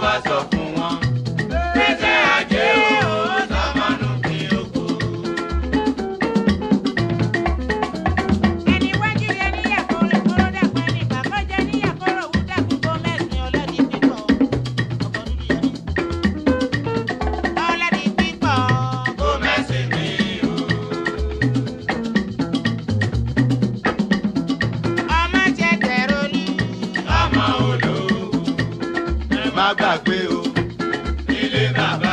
wá sọ. má gbàgbé o. ilé bàbá.